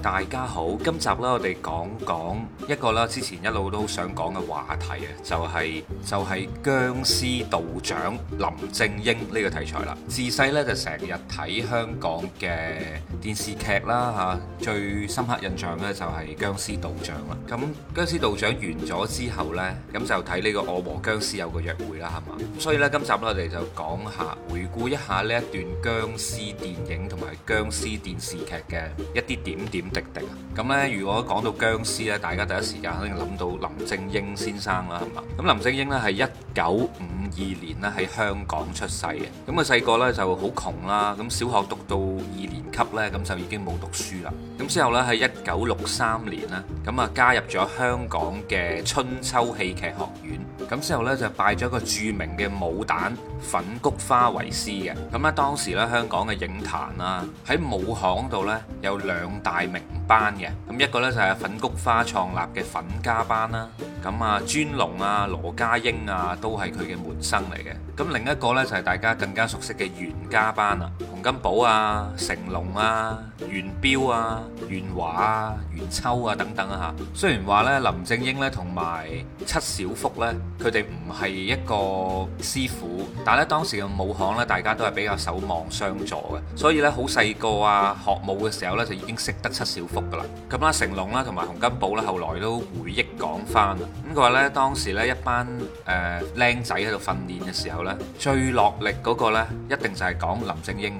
大家好，今集咧我哋講講一個啦，之前一路都想講嘅話題啊，就係就係僵屍道長林正英呢個題材啦。自細咧就成日睇香港嘅電視劇啦吓，最深刻印象咧就係僵屍道長啦。咁僵屍道長完咗之後咧，咁就睇呢個《我和僵屍有個約會》啦，係嘛。所以咧今集咧我哋就講下，回顧一下呢一段僵屍電影同埋僵屍電視劇嘅一啲點點點滴滴啊！咁咧，如果講到僵屍咧，大家第一時間肯定諗到林正英先生啦，係嘛？咁林正英咧係一九五二年咧喺香港出世嘅，咁佢細個咧就好窮啦，咁小學讀到二年級咧，咁就已經冇讀書啦。咁之後咧，喺一九六三年咧，咁啊加入咗香港嘅春秋戲劇學院。咁之後咧，就拜咗一個著名嘅武旦粉菊花為師嘅。咁咧當時咧，香港嘅影壇啦，喺武行度咧有兩大名班嘅。咁一個咧就係粉菊花創立嘅粉家班啦。咁啊，尊龍啊，羅家英啊，都係佢嘅門生嚟嘅。咁另一個咧就係大家更加熟悉嘅袁家班啦。洪金寶啊、成龍啊、元彪啊、元華啊、元秋啊等等啊。吓，雖然話呢，林正英呢同埋七小福呢，佢哋唔係一個師傅，但係咧當時嘅武行呢，大家都係比較守望相助嘅，所以呢，好細個啊學武嘅時候呢，就已經識得七小福噶啦。咁啦，成龍啦同埋洪金寶呢，後來都回憶講翻。咁佢話呢，當時呢，一班誒靚仔喺度訓練嘅時候呢，最落力嗰個咧一定就係講林正英。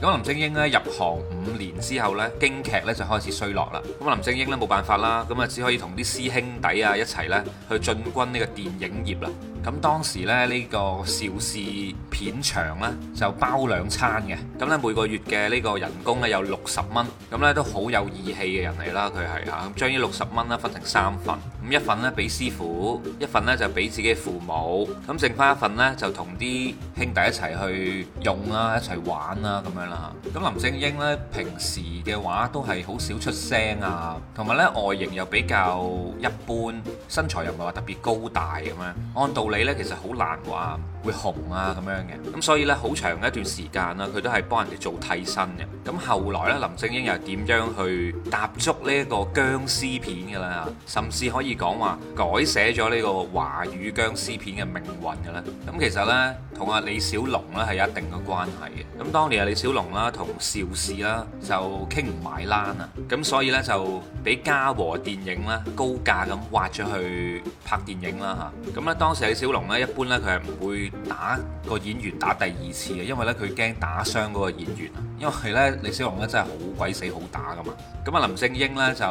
咁林正英咧入行五年之後咧，京劇咧就開始衰落啦。咁啊林正英咧冇辦法啦，咁啊只可以同啲師兄弟啊一齊咧去進軍呢個電影業啦。咁當時咧呢個邵氏片場咧就包兩餐嘅，咁咧每個月嘅呢個人工咧有六十蚊，咁咧都好有義氣嘅人嚟啦，佢係嚇。咁將呢六十蚊咧分成三份，咁一份咧俾師傅，一份咧就俾自己父母，咁剩翻一份咧就同啲兄弟一齊去用啦，一齊玩啦咁樣。啦，咁林正英呢平時嘅話都係好少出聲啊，同埋呢外形又比較一般，身材又唔係話特別高大咁樣。按道理呢，其實好難話會紅啊咁樣嘅。咁所以呢好長一段時間啦，佢都係幫人哋做替身嘅。咁後來呢，林正英又點樣去踏足呢個殭屍片嘅呢？甚至可以講話改寫咗呢個華語殭屍片嘅命運嘅呢。咁其實呢，同阿李小龍呢係有一定嘅關係嘅。咁當年阿李小龍啦同邵氏啦就傾唔埋欄啊，咁所以呢，就俾嘉禾電影咧高價咁挖咗去拍電影啦吓，咁咧當時李小龍咧一般呢，佢係唔會打個演員打第二次嘅，因為呢，佢驚打傷嗰個演員啊。 因為咧，李小龍咧真係好鬼死好打噶嘛，咁啊林正英咧就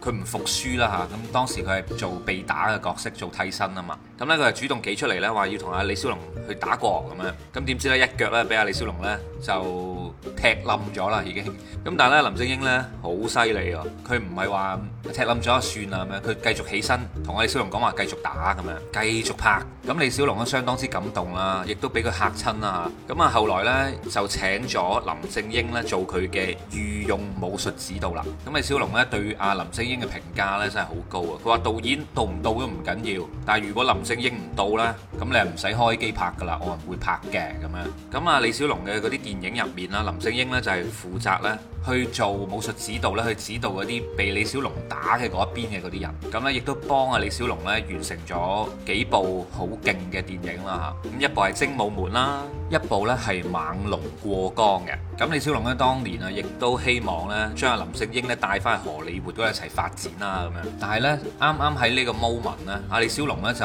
佢唔服輸啦嚇，咁當時佢係做被打嘅角色做替身啊嘛，咁咧佢就主動企出嚟咧話要同阿李小龍去打過咁樣，咁點知咧一腳咧俾阿李小龍咧就踢冧咗啦已經，咁但係咧林正英咧好犀利啊，佢唔係話踢冧咗就算啦咩，佢繼續起身同阿李小龍講話繼續打咁樣，繼續拍，咁李小龍咧相當之感動啦，亦都俾佢嚇親啦嚇，咁啊後來咧就請咗林。正英咧做佢嘅御用武術指導啦，咁李小龍咧對阿林正英嘅評價咧真係好高啊！佢話導演到唔到都唔緊要，但係如果林正英唔到咧，咁你係唔使開機拍噶啦，我唔會拍嘅咁樣。咁啊李小龍嘅嗰啲電影入面啦，林正英咧就係負責咧。去做武術指導咧，去指導嗰啲被李小龍打嘅嗰一邊嘅嗰啲人，咁咧亦都幫阿李小龍咧完成咗幾部好勁嘅電影啦吓，咁一部係《精武門》啦，一部咧係《猛龍過江》嘅，咁李小龍咧當年啊，亦都希望咧將阿林正英咧帶翻去荷里活都一齊發展啦咁樣，但係咧啱啱喺呢個 moment 咧，阿李小龍咧就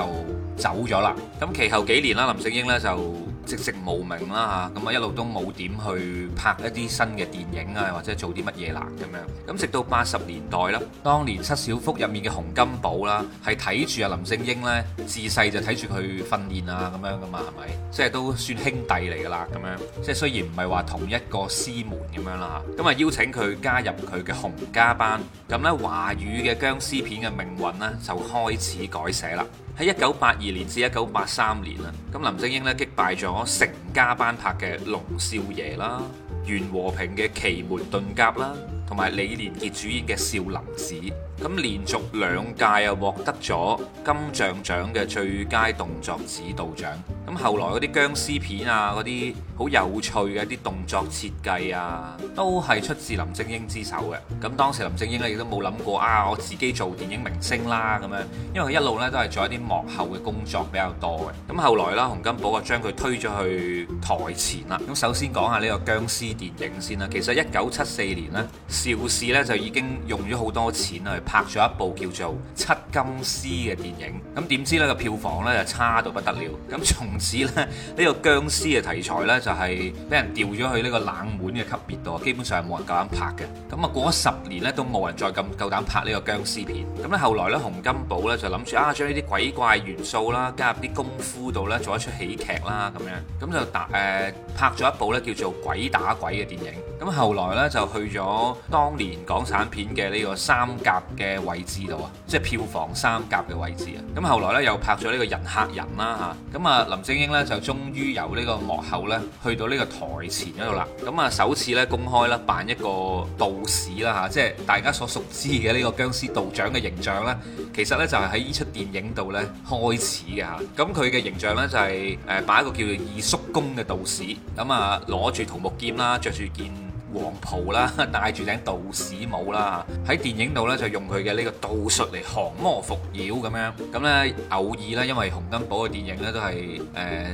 走咗啦，咁其後幾年啦，林正英咧就。寂寂無名啦嚇，咁啊一路都冇點去拍一啲新嘅電影啊，或者做啲乜嘢啦咁樣。咁直到八十年代啦，當年七小福入面嘅洪金寶啦，係睇住阿林正英呢，自細就睇住佢訓練啊咁樣噶嘛，係咪？即係都算兄弟嚟噶啦咁樣。即係雖然唔係話同一個師門咁樣啦，咁啊邀請佢加入佢嘅洪家班。咁呢華語嘅僵屍片嘅命運呢，就開始改寫啦。喺一九八二年至一九八三年啊，咁林正英呢擊敗咗成家班拍嘅《龍少爺》啦，袁和平嘅《奇門遁甲》啦。同埋李連杰主演嘅《少林寺》，咁連續兩屆又獲得咗金像獎嘅最佳動作指導獎。咁後來嗰啲僵屍片啊，嗰啲好有趣嘅一啲動作設計啊，都係出自林正英之手嘅。咁當時林正英咧亦都冇諗過啊，我自己做電影明星啦咁樣，因為佢一路咧都係做一啲幕後嘅工作比較多嘅。咁後來啦，洪金寶啊將佢推咗去台前啦。咁首先講下呢個僵屍電影先啦、啊。其實一九七四年呢。邵氏咧就已經用咗好多錢去拍咗一部叫做《七金屍》嘅電影，咁點知呢個票房呢，就差到不得了，咁從此呢，呢、呢個僵屍嘅題材呢，就係俾人掉咗去呢個冷門嘅級別度，基本上冇人夠膽拍嘅。咁啊過咗十年呢，都冇人再咁夠膽拍呢個僵屍片。咁咧後來呢，洪金寶呢，就諗住啊將呢啲鬼怪元素啦加入啲功夫度呢，做一出喜劇啦咁樣，咁就打誒、呃、拍咗一部呢叫做《鬼打鬼》嘅電影。咁後來咧就去咗當年港產片嘅呢個三甲嘅位置度啊，即係票房三甲嘅位置啊。咁後來咧又拍咗呢個人吓人啦吓，咁啊林正英咧就終於由呢個幕後咧去到呢個台前嗰度啦。咁啊首次咧公開啦，扮一個道士啦吓，即係大家所熟知嘅呢個僵屍道長嘅形象咧，其實咧就係喺呢出電影度咧開始嘅吓，咁佢嘅形象咧就係誒扮一個叫做二叔公嘅道士，咁啊攞住桃木劍啦，着住件。黃袍啦，戴住頂道士帽啦，喺電影度呢，就用佢嘅呢個道術嚟降魔伏妖咁樣。咁呢，偶爾呢，因為洪金寶嘅電影呢，都係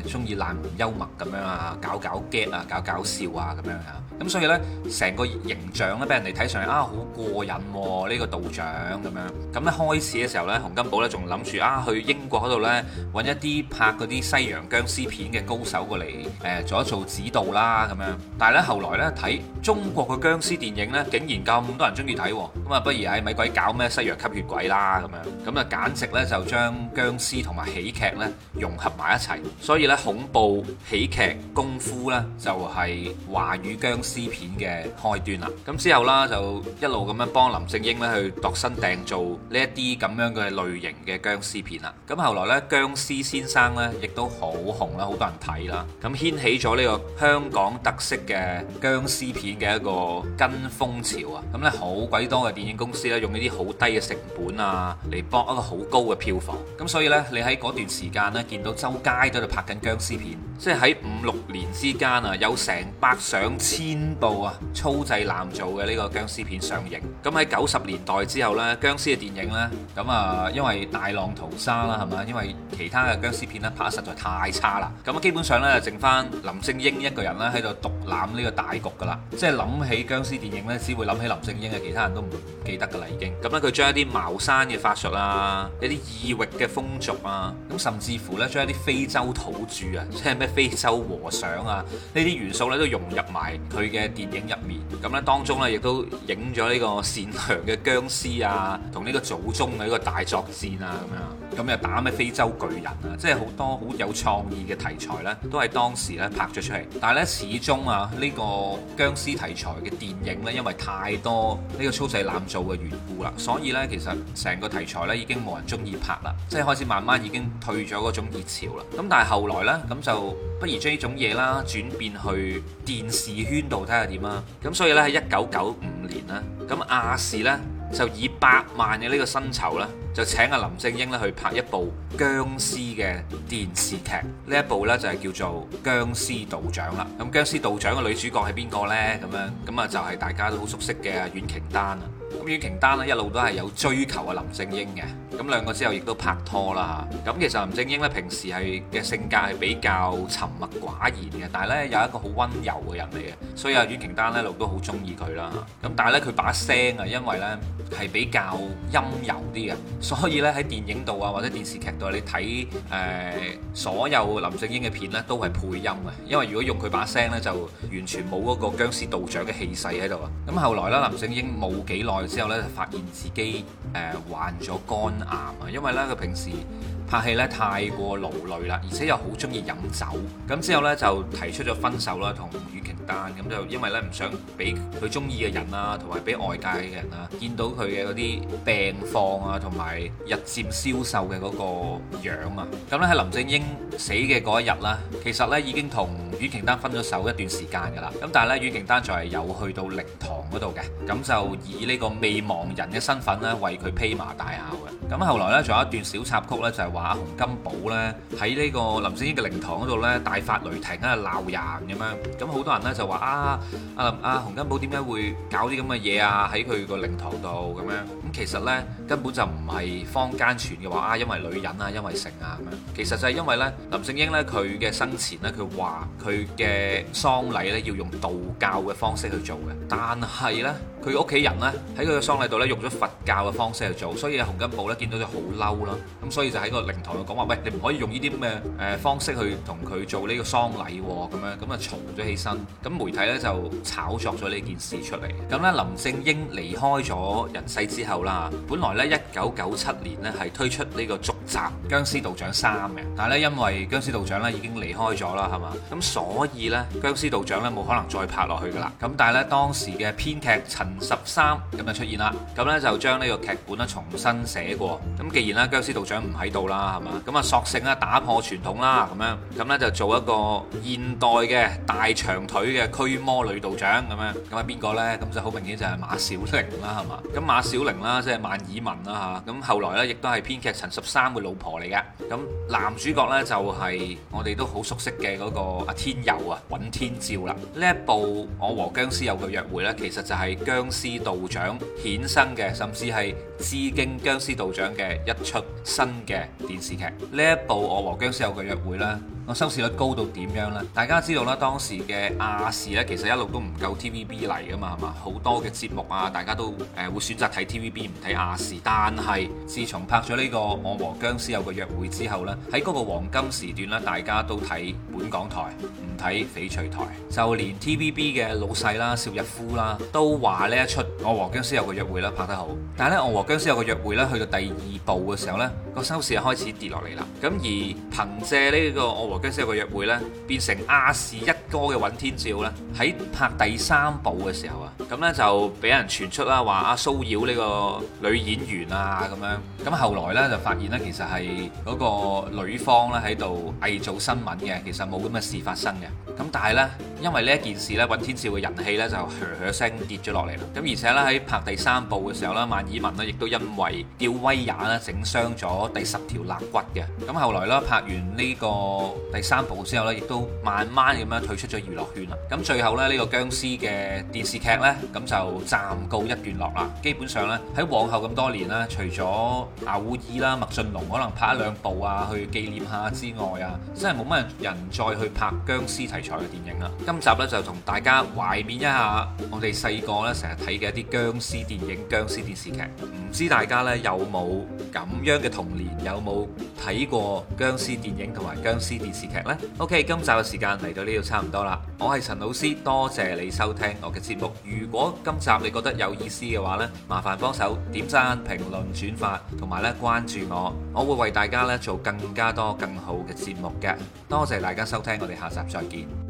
誒中意冷門幽默咁樣啊，搞搞 get 啊，搞搞笑啊咁樣嚇。咁所以呢，成個形象呢，俾人哋睇上嚟啊好過癮喎，啊，呢、呢個道長咁樣。咁呢，開始嘅時候呢，洪金寶呢，仲諗住啊去英國嗰度呢，揾一啲拍嗰啲西洋僵屍片嘅高手過嚟誒、欸、做一做指導啦咁樣。但係呢，後來呢，睇。中國嘅僵屍電影咧，竟然咁多人中意睇，咁啊，不如喺米鬼搞咩西洋吸血鬼啦，咁樣，咁啊，簡直呢，就將「僵屍」同埋喜劇呢融合埋一齊，所以呢，恐怖喜劇功夫呢，就係華語僵屍片嘅開端啦。咁之後啦，就一路咁樣幫林正英呢去度身訂造呢一啲咁樣嘅類型嘅僵屍片啦。咁後來呢，「僵屍先生」呢亦都好紅啦，好多人睇啦，咁掀起咗呢個香港特色嘅僵屍片。嘅一個跟風潮啊，咁呢好鬼多嘅電影公司呢，用呢啲好低嘅成本啊，嚟博一個好高嘅票房。咁所以呢，你喺嗰段時間呢，見到周街都度拍緊僵屍片。即係喺五六年之間啊，有成百上千部啊粗製濫造嘅呢個僵屍片上映。咁喺九十年代之後呢，僵屍嘅電影呢，咁啊，因為大浪淘沙啦，係嘛？因為其他嘅僵屍片呢，拍得實在太差啦。咁啊，基本上咧剩翻林正英一個人呢喺度獨攬呢個大局㗎啦。即係諗起僵屍電影呢，只會諗起林正英嘅，其他人都唔記得㗎啦已經。咁咧，佢將一啲茅山嘅法術啊，一啲異域嘅風俗啊，咁甚至乎呢，將一啲非洲土著啊，即係咩？非洲和尚啊，呢啲元素咧都融入埋佢嘅電影入面。咁咧當中咧亦都影咗呢個善良嘅僵屍啊，同呢個祖宗嘅一個大作戰啊咁樣。咁又打咩非洲巨人啊，即係好多好有創意嘅題材咧，都係當時咧拍咗出嚟。但係咧始終啊，呢個僵屍題材嘅電影咧，因為太多呢個粗製濫造嘅緣故啦，所以咧其實成個題材咧已經冇人中意拍啦，即係開始慢慢已經退咗嗰種熱潮啦。咁但係後來咧，咁就不如將呢種嘢啦，轉變去電視圈度睇下點啦，咁所以呢，喺一九九五年呢，咁亞視呢就以百萬嘅呢個薪酬呢，就請阿林正英呢去拍一部殭屍嘅電視劇，呢一部呢就係叫做《殭屍道長》啦。咁殭屍道長嘅女主角係邊個呢？咁樣咁啊就係大家都好熟悉嘅苑瓊丹啊。咁阮瓊丹咧一路都係有追求啊林正英嘅，咁兩個之後亦都拍拖啦。咁其實林正英咧平時係嘅性格係比較沉默寡言嘅，但係呢有一個好溫柔嘅人嚟嘅，所以阿阮瓊丹一路都好中意佢啦。咁但係呢，佢把聲啊，因為呢係比較陰柔啲嘅，所以呢喺電影度啊或者電視劇度你睇誒、呃、所有林正英嘅片呢都係配音嘅，因為如果用佢把聲呢，就完全冇嗰個殭屍道長嘅氣勢喺度啊。咁後來呢，林正英冇幾耐。之後咧就發現自己誒、呃、患咗肝癌啊，因為咧佢平時，拍戲咧太過勞累啦，而且又好中意飲酒，咁之後呢，就提出咗分手啦，同苑瓊丹咁就因為呢，唔想俾佢中意嘅人啦，同埋俾外界嘅人啦見到佢嘅嗰啲病況啊，同埋日漸消瘦嘅嗰個樣啊，咁咧喺林正英死嘅嗰一日啦，其實呢，已經同苑瓊丹分咗手一段時間噶啦，咁但係呢，苑瓊丹就係有去到靈堂嗰度嘅，咁就以呢個未亡人嘅身份呢，為佢披麻戴孝嘅，咁後來呢，仲有一段小插曲呢。就係、是。話洪金寶呢，喺呢個林正英嘅靈堂嗰度呢，大發雷霆啊鬧人咁樣，咁好多人呢，就話啊啊啊洪金寶點解會搞啲咁嘅嘢啊喺佢個靈堂度咁樣，咁其實呢，根本就唔係坊間傳嘅話啊，因為女人啊，因為性啊咁樣，其實就係因為呢，林正英呢，佢嘅生前呢，佢話佢嘅喪禮呢，要用道教嘅方式去做嘅，但係呢。佢嘅屋企人呢，喺佢嘅喪禮度呢，用咗佛教嘅方式去做，所以洪金寶呢，見到咗好嬲啦，咁所以就喺個靈堂度講話：喂，你唔可以用呢啲咩誒方式去同佢做呢個喪禮咁樣，咁啊嘈咗起身。咁媒體呢，就炒作咗呢件事出嚟。咁呢，林正英離開咗人世之後啦，本來呢，一九九七年呢，係推出呢個續集《僵屍道長三》嘅，但係呢，因為《僵屍道長》呢已經離開咗啦，係嘛？咁所以呢，《僵屍道長》呢，冇可能再拍落去㗎啦。咁但係呢，當時嘅編劇陳十三咁就出現啦，咁呢就將呢個劇本咧重新寫過。咁既然咧殭屍道長唔喺度啦，係嘛？咁啊索性咧打破傳統啦，咁樣咁呢就做一個現代嘅大長腿嘅驅魔女道長咁樣。咁係邊個呢？咁就好明顯就係馬小玲啦，係嘛？咁馬小玲啦，即係萬綺雯啦嚇。咁後來呢，亦都係編劇陳十三嘅老婆嚟嘅。咁男主角呢，就係我哋都好熟悉嘅嗰個阿天佑啊，尹天照啦。呢一部《我和僵屍有個約會》呢，其實就係殭。僵屍道長衍生嘅，甚至係致敬僵屍道長嘅一出新嘅電視劇。呢一部《我和僵屍有個約會》啦。個收視率高到點樣呢？大家知道啦，當時嘅亞視咧，其實一路都唔夠 TVB 嚟噶嘛，係嘛？好多嘅節目啊，大家都誒會選擇睇 TVB 唔睇亞視。但係自從拍咗呢、這個《我和僵屍有個約會》之後呢，喺嗰個黃金時段咧，大家都睇本港台唔睇翡翠台。就連 TVB 嘅老細啦，邵逸夫啦，都話呢一出《我和僵屍有，有個約會》咧拍得好。但係咧，這個《我和僵屍有個約會》咧去到第二部嘅時候呢，個收視開始跌落嚟啦。咁而憑借呢個《我和》頭先個約會咧，變成亞視一哥嘅尹天照咧，喺拍第三部嘅時候啊，咁咧就俾人傳出啦，話阿騷擾呢個女演員啊咁樣，咁後來咧就發現咧，其實係嗰個女方咧喺度偽造新聞嘅，其實冇咁嘅事發生嘅。咁但係咧，因為呢一件事咧，尹天照嘅人氣咧就噥噥聲跌咗落嚟啦。咁而且咧喺拍第三部嘅時候咧，萬綺雯咧亦都因為吊威也咧整傷咗第十條肋骨嘅。咁後來咧拍完呢個。第三部之後咧，亦都慢慢咁樣退出咗娛樂圈啦。咁最後咧，呢個僵屍嘅電視劇呢，咁就暫告一段落啦。基本上呢，喺往後咁多年啦，除咗偶爾啦，麥浚龍可能拍一兩部啊，去紀念下之外啊，真係冇乜人再去拍僵屍題材嘅電影啦。今集呢，就同大家懷念一下我哋細個呢成日睇嘅一啲僵屍電影、僵屍電視劇。唔知大家呢，有冇咁樣嘅童年，有冇睇過僵屍電影同埋僵屍電視劇？劇咧，OK，今集嘅時間嚟到呢度差唔多啦。我係陳老師，多謝你收聽我嘅節目。如果今集你覺得有意思嘅話呢，麻煩幫手點讚、評論、轉發，同埋呢關注我。我會為大家呢做更加多更好嘅節目嘅。多謝大家收聽，我哋下集再見。